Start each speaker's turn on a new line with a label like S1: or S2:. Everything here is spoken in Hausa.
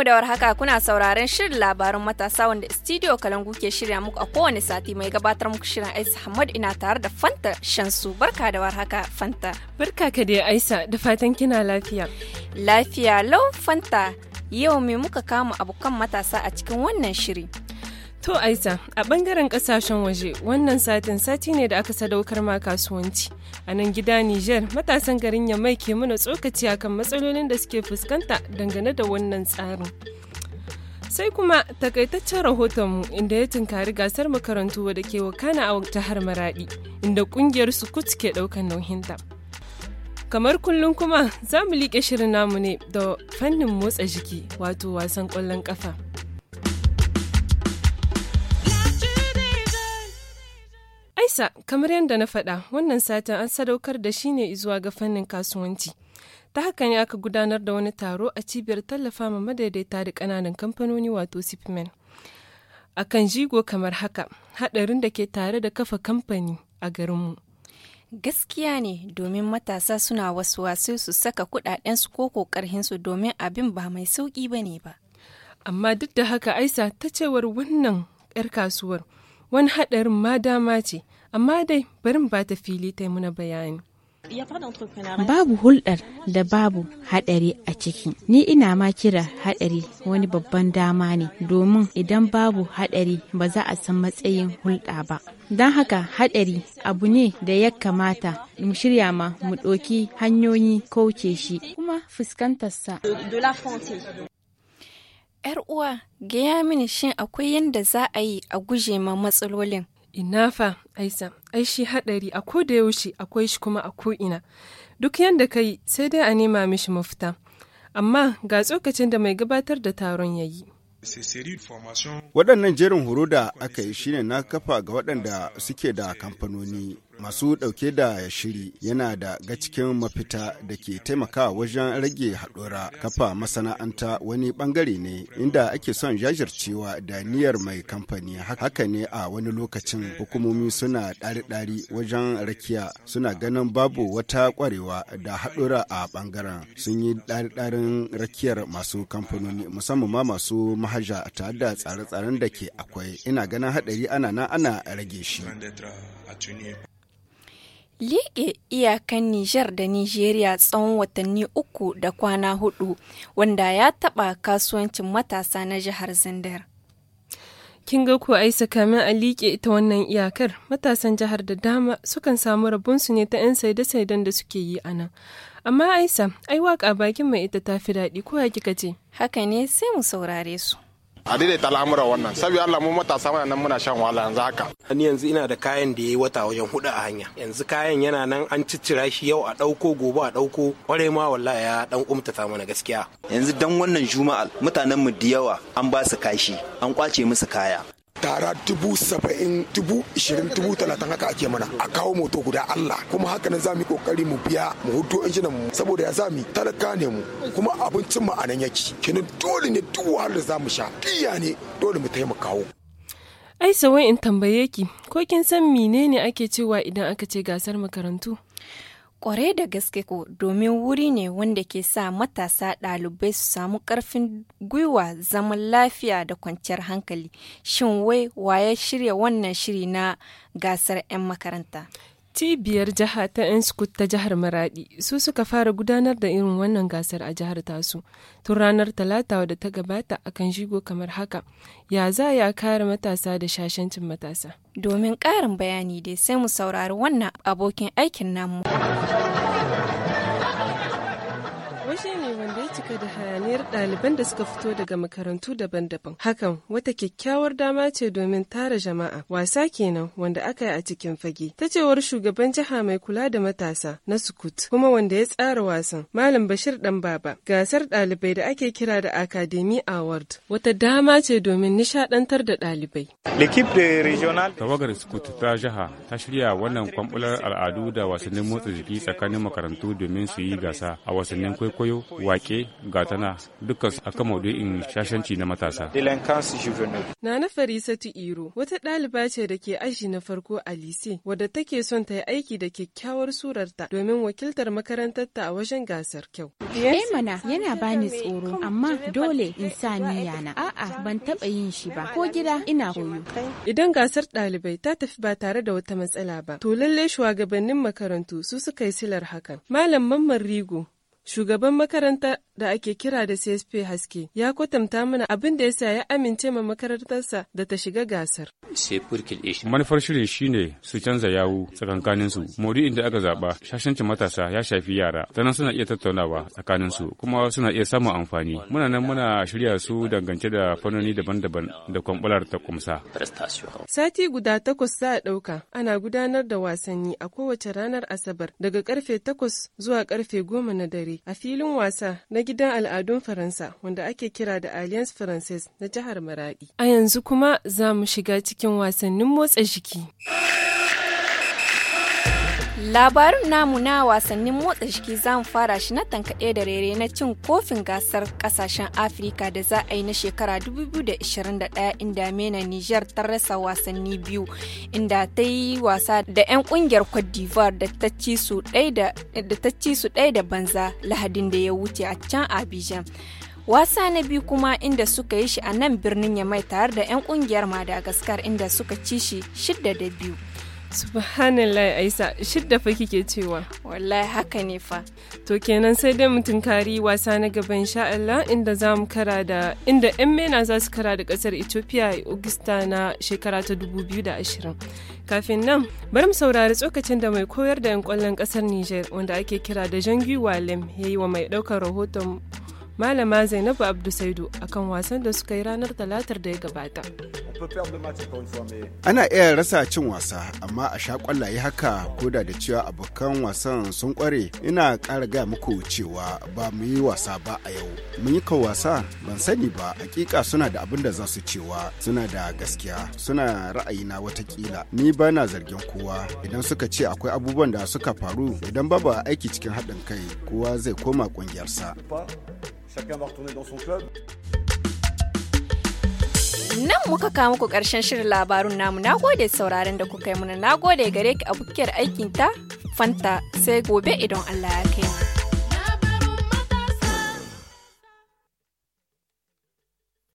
S1: mu da warhaka kuna sauraren shirin labarin matasa wanda studio Kalangu ke shirya muku a kowane sati mai gabatar muku shirin Aisha Hamad ina tare da Fanta Shansu. Barka da warhaka Fanta. Barka ka dai Aisha da fatan kina lafiya. Lafiya lau Fanta. Yau me muka kama abokan matasa a cikin wannan shiri?
S2: To Aisha, a bangaren kasashen waje wannan satin sati ne da aka sadaukar ma kasuwanci. A nan gida Nijar matasan garin Yamai ke mana tsokaci akan matsalolin da suke fuskanta dangane da wannan tsarin. Sai kuma takaitaccen rahotonmu inda ya tunkari gasar makarantu da ke wakana a wata har Maradi, inda kungiyar Sukut ke ɗaukar nauhinta. Kamar kullum kuma za mu liƙe shirin namu ne da fannin motsa jiki wato wasan ƙwallon ƙafa. Isa, kamar yadda na faɗa, wannan satin an sadaukar da shi ne zuwa ga fannin kasuwanci. Ta haka ne aka gudanar da wani taro a cibiyar tallafa ma madaidaita da ƙananan kamfanoni wato Sipmen. A kan jigo kamar haka, haɗarin da ke tare
S1: da kafa kamfani a garinmu. Gaskiya ne domin matasa suna wasu wasu su saka kuɗaɗensu ko ƙoƙarhinsu domin abin ba mai sauƙi ba ne ba.
S2: Amma duk da haka Aisa ta cewar wannan 'yar kasuwar wani haɗarin ma dama ce amma dai barin ba ta fili ta muna bayani. Babu hulɗar da babu haɗari a ciki. Ni ina ma kira haɗari wani babban dama ne domin idan babu haɗari ba za a san matsayin hulɗa ba. Don haka haɗari abu ne da ya kamata mu shirya ma mu ɗoki hanyoyi
S1: kauce shi kuma fuskantarsa. ‘Yar uwa, gaya mini shin akwai yadda za a yi a guje ma matsalolin Ina fa, Aisa, ai shi haɗari a ko da yaushe akwai shi kuma a ko'ina. Duk yadda
S2: ka yi sai dai a nema mishi mafita. Amma ga tsokacin da mai gabatar da taron ya yi.
S3: Waɗannan jerin horo da aka yi shine na kafa ga waɗanda suke da kamfanoni masu ɗauke da shiri yana ga cikin mafita da ke taimakawa wajen rage haɗura kafa masana'anta wani bangare ne inda ake son jajircewa da niyyar mai kamfani haka ne a wani lokacin hukumomi suna ɗari-ɗari wajen rakiya suna ganin babu wata ƙwarewa da haɗura a bangaren sun yi ɗari-ɗarin rakiyar masu kamfanoni musamman ma masu mahaja tare da tsare-tsaren da ke akwai ina ganin haɗari ana na ana rage shi.
S1: liƙe iyakan Nijar da Nijeriya tsawon watanni uku da kwana hudu wanda ya taɓa kasuwancin matasa na jihar Zindar.
S2: Kin ga ko aisa kamin a liƙe ita wannan iyakar matasan jihar da dama sukan samu rabonsu ne ta 'yan saide-saiden da suke yi a nan. Amma aisa, ai waƙa bakin mai ita ta fi daɗi ko ya ce? Haka ne sai mu saurare su.
S1: a ta lamura wannan saboda Allah mu
S3: matasa mana nan muna shan wahala yanzu haka ni yanzu ina da kayan da yayi wata wajen hudu a hanya yanzu kayan yana nan an ciccira shi yau a dauko gobe a dauko kware ma wallahi ya dan ta mana gaskiya yanzu dan wannan juma'al mutanen mu da yawa an ba su kashi an kwace musu kaya tara dubu saba'in dubu ishirin dubu talatin haka ake mana a kawo moto guda Allah kuma haka nan za mu yi kokari mu biya mu hudu injinan mu saboda ya zami talaka ne mu kuma abincin mu anan nan yake kenan dole ne duk wahalar za mu sha diya ne dole mu taimakawo.
S2: Ai sawai in tambaye ki ko kin
S1: san menene ake cewa idan aka ce gasar makarantu? Kware da gaske ko domin wuri ne wanda ke sa matasa ɗalibai su samu ƙarfin gwiwa zaman lafiya da kwanciyar hankali. Shin wai waye shirya wannan shiri na gasar 'yan makaranta?
S2: Cibiyar jiha ta 'yan ta jihar Maradi su suka fara gudanar da irin wannan gasar a jihar tasu tun ranar talata da ta gabata akan shigo kamar haka ya za ya kare matasa da shashancin matasa. Domin
S1: ƙarin bayani dai sai mu saurari wannan abokin aikin namu.
S2: washe ne wanda ya cika da hayaniyar
S1: ɗaliban da suka fito daga makarantu
S2: daban-daban. Hakan wata kyakkyawar dama ce domin tara jama'a. Wasa kenan wanda aka yi a cikin fage. Ta cewar shugaban jiha mai kula da matasa na Sukut kuma wanda ya tsara wasan Malam Bashir Dan Baba. Gasar ɗalibai da ake kira da Academy Award wata dama ce domin nishaɗantar da ɗalibai.
S3: Tawagar Sukut ta jiha ta shirya wannan kwambular al'adu da wasannin motsa jiki tsakanin makarantu domin su yi gasa a wasannin kwaikwayo kwaikwayo wake gatana dukkan akan maudu'in shashanci na matasa
S2: na na farisatu iro wata ɗaliba ce da ke aji na farko a lise wadda take son ta yi aiki da kyakkyawar surarta domin wakiltar makarantar ta a wajen gasar kyau eh mana yana bani tsoro amma dole in sa niyya na a'a ban taɓa yin shi ba ko gida ina koyo idan gasar ɗalibai ta tafi ba tare da wata matsala ba to lallai shugabannin makarantu su suka yi silar hakan malam mamman rigo Shugaban makarantar da ake kira da CSP haske ya kwatanta mana abin da ya yasa ya amince ma makarantarsa da ta shiga gasar.
S3: Manufar shirin shine su canza yawu tsakankaninsu. mori inda aka zaba shashanci matasa ya shafi yara. Sannan suna iya tattaunawa tsakaninsu kuma suna iya samun amfani. Muna nan muna shirya su dangance da fannoni daban-daban da kwambular ta kumsa.
S2: Sati guda takwas za a ɗauka ana gudanar da wasanni a kowace ranar Asabar daga karfe takwas zuwa karfe goma na dare a filin wasa na gidan al'adun Faransa wanda ake kira da Alliance Française na jihar Maradi. A yanzu kuma za mu shiga cikin wasannin motsa jiki.
S1: Labarin namu na wasannin motsa jiki za mu fara shi na tankaɗe da rere na cin kofin gasar ƙasashen Afirka da za a yi na shekara 2021 inda mena Nijar ta rasa wasanni biyu inda ta yi wasa da 'yan ƙungiyar Cote d'Ivoire da ta ci su ɗaya da banza lahadin da ya wuce a can Abidjan. wasa na biyu kuma inda suka yi shi a nan birnin yamai tare da 'yan kungiyar madagascar inda suka ci shi shidda da biyu
S2: subhanallah aisa shidda fa kike cewa wallahi haka ne fa to kenan sai dai mutum kari wasa na gaba insha Allah inda za mu kara da inda yan mena za su kara da kasar Ethiopia a Augusta na shekara ta 2020 kafin nan bari mu saurari tsokacin da mai koyar da yan kwallon kasar Niger wanda ake kira da Guy Walem yayi wa mai daukar rahoton Malama Zainabu Abdu Saidu akan wasan da suka yi ranar talatar da ya gabata.
S3: Ana iya rasa cin wasa, amma a sha kwallaye haka ko da da cewa abokan wasan sun kware ina ƙara gaya muku cewa ba mu yi wasa ba a yau. Mun yi wasa ban sani ba, hakika suna da abin da za su cewa suna da gaskiya, suna ra'ayina watakila. Ni ba na zargin kowa idan suka ce akwai abubuwan da suka faru idan babu aiki cikin haɗin kai kowa zai koma ƙungiyarsa.
S1: nan muka kawo muku karshen shirin labarun namu na gode sauraron da kuka yi muna na gode gare ki abokiyar ta fanta sai gobe idan allah ya kai mu